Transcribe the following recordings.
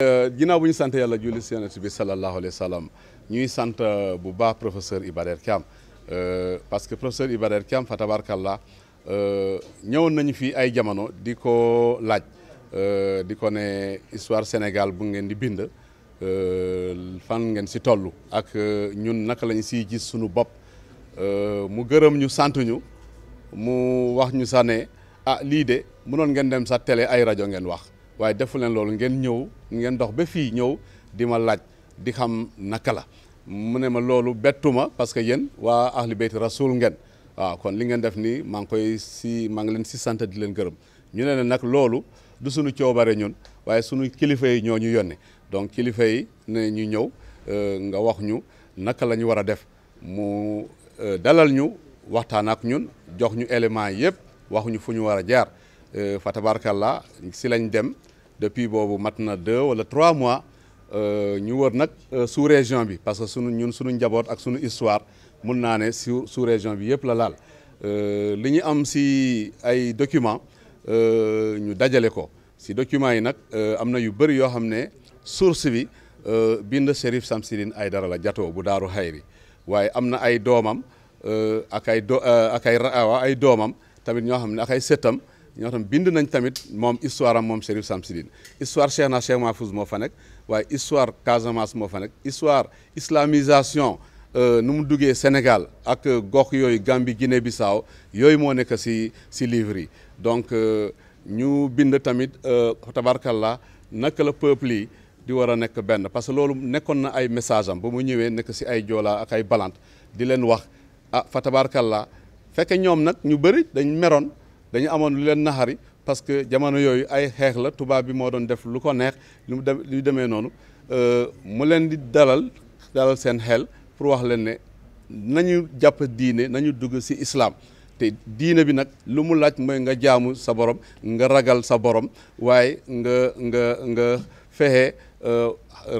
Euh, ginnaaw bu ñu sant yàlla julli si yonent bi sallallahu alayhi wa sallam ñuy sant euh, bu baax professeur Iba Der Thiam euh, parce que professeur Iba Der Thiam fa tabarkalla ñëwoon nañu fii ay jamono di ko laaj di ko ne histoire Sénégal bu ngeen di bind fan ngeen si toll ak ñun naka lañ siy gis suñu bopp mu gërëm ñu sant mu wax ñu sax ne ah lii de mënoon ngeen dem sa télé ay rajo ngeen wax waaye defu leen loolu ngeen ñëw ngeen dox ba fii ñëw di ma laaj di xam naka la mu ne ma loolu bettuma parce que yéen waa ahli rasuul rasul ngeen waaw kon li ngeen def nii maa ngi koy si maa ngi leen si sant di leen gërëm ñu ne nag loolu du suñu coobare ñun waaye suñu kilifa yi ñoo ñu yónni donc kilifa yi ne ñu ñëw euh, nga wax ñu naka la ñu war a def mu euh, dalal ñu waxtaan ak ñun jox ñu éléments yëpp wax ñu fu ñu war a jaar euh, fa tabarakallah si lañ dem depuis boobu mat na deux wala trois mois euh, ñu wër nag euh, sous région bi parce que sunu ñun sunu njaboot ak sunu histoire mun naa ne sous sous région bi yëpp la laal euh, li ñu am si ay documents ñu dajale ko si documents yi nag am na yu bëri yoo xam ne source bi bind Chérif ay dara la jatoo bu daaru xayri waaye am na ay doomam ak ay do ak ay ay doomam tamit ñoo xam ne ak ay sëttam ñoo xam bind nañ tamit moom histoire am moom Chérif Samsidine histoire Cheikh na Cheikh Mahfouz moo fa nekk waaye histoire Casamance moo fa nekk histoire islamisation euh, nu mu duggee Sénégal ak euh, gox yooyu Gambie Guinée saaw yooyu moo nekk si si livre yi donc euh, ñu bind tamit tabarkalla naka la peuple yi di war a nekk benn parce que loolu nekkoon na ay message am ba mu ñëwee nekk si ay joola ak ay balant di leen wax ah fa tabarkalla fekke ñoom nag ñu bëri dañ meroon dañu amoon lu leen naxari parce que jamono yooyu ay xeex la tubaab bi moo doon def lu ko neex lu mu dem lu demee noonu euh, mu leen di dalal dalal seen xel pour wax leen ne nañu jàpp diine nañu dugg ci islaam te diine bi nag lu mu laaj mooy nga jaamu sa borom nga ragal sa borom waaye nga nga nga fexe euh,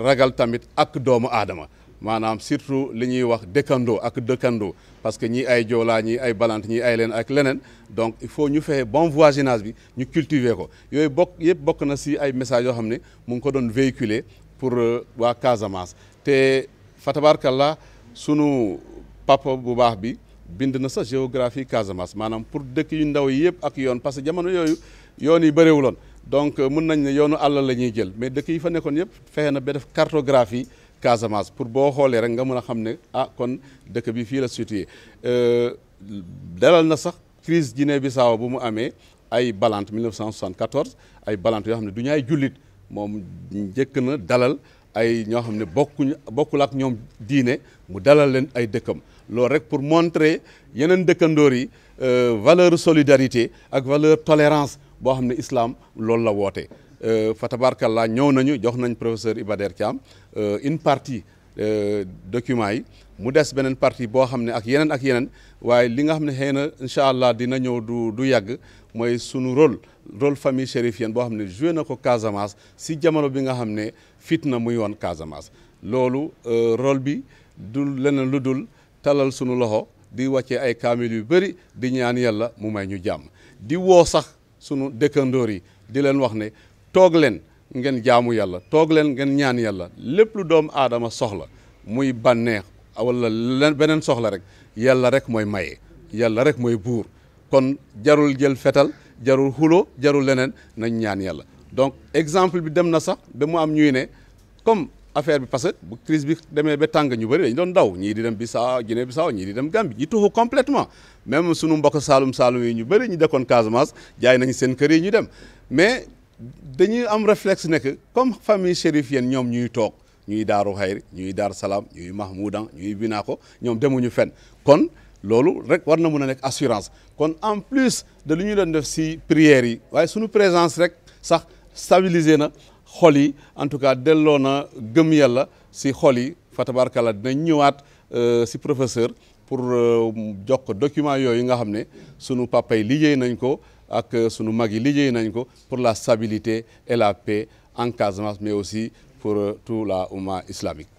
ragal tamit ak doomu aadama maanaam surtout li ñuy wax dëkkandoo ak dëkkandoo parce que ñii ay joolaa ñi ay balante ñii ay leen ak leneen donc il faut ñu fexe bon voisinage bi ñu cultiver ko yooyu bokk yëpp bokk na si ay messages yoo xam ne mu ngi ko doon véhiculer pour euh, waa Casamance te fatabarkalla sunu papa bu baax bi bind na sa géographie Casamance maanaam pour dëkk yu ndaw yi yëpp ak yoon parce que jamono yooyu yoon yi bëriwuloon donc euh, mun nañ ne yoonu àll la ñuy jël mais dëkk yi fa nekkoon yëpp fexe na ba def cartographie Casamance pour boo xoolee rek nga mën a xam ne ah kon dëkk bi fii la situé euh, dalal na sax crise bi bissau bu mu amee ay balante 1974 ay balante yoo xam ne du ñu ay jullit moom njëkk na dalal ay ñoo xam ne bokkuñ bokkul ak ñoom diine mu dalal leen ay dëkkam loolu rek pour montrer yeneen dëkkandoor yi euh, valeur solidarité ak valeur tolérance boo xam ne islam loolu la woote Euh, fa tabarkalla ñëw nañu jox nañ professeur Iba Der Thiam euh, une partie euh, document yi mu des beneen partie boo xam ne ak yeneen ak yeneen waaye li nga xam ne xëy na incha allah dina ñëw du du yàgg mooy sunu rôle rôle famille chérifienne boo xam ne joué na ko Casamance si jamono bi nga xam ne fitna muy woon Casamance loolu role bi du leneen lu dul talal sunu loxo di wàccee ay kaamil yu bëri di ñaan yàlla mu may ñu jàmm di woo sax sunu dëkkandoor yi di leen wax ne toog leen ngeen jaamu yàlla toog leen ngeen ñaan yàlla lépp lu doomu aadama soxla muy bànneex wala leen beneen soxla rek yàlla rek mooy maye yàlla rek mooy buur kon jarul jël fetal jarul xulo jarul leneen nañ ñaan yàlla donc exemple bi dem na sax ba mu am ñuy ne comme affaire bi parce que bu crise bi demee ba tàng ñu bëri dañ doon daw ñii di dem Bissau Guinée Bissau ñii di dem Gambie ñi tuxu complètement même sunu mbokk Saalum Saalum yi ñu bëri ñu dekkoon Casamance jaay nañ seen kër yi ñu dem dañuy am réflexe nekk comme famille chérifienne ñoom ñuy toog ñuy daaru xayri ñuy daar salaam ñuy mahmoudan ñuy binaako ñoom demuñu fenn kon loolu rek war na mun a nekk assurance kon en plus de lu ñu doon def si prières yi waaye suñu présence rek sax stabiliser na xol yi en tout cas delloo na gëm yàlla si xol yi fatabarkala dañ ñëwaat si euh, professeur pour euh, jox ko document yooyu nga xam ne sunu papa yi liggéey nañ ko ak euh, sunu mag yi liggéey nañ ko pour la stabilité et la paix en Casamance mais aussi pour euh, toute la Oumma islamique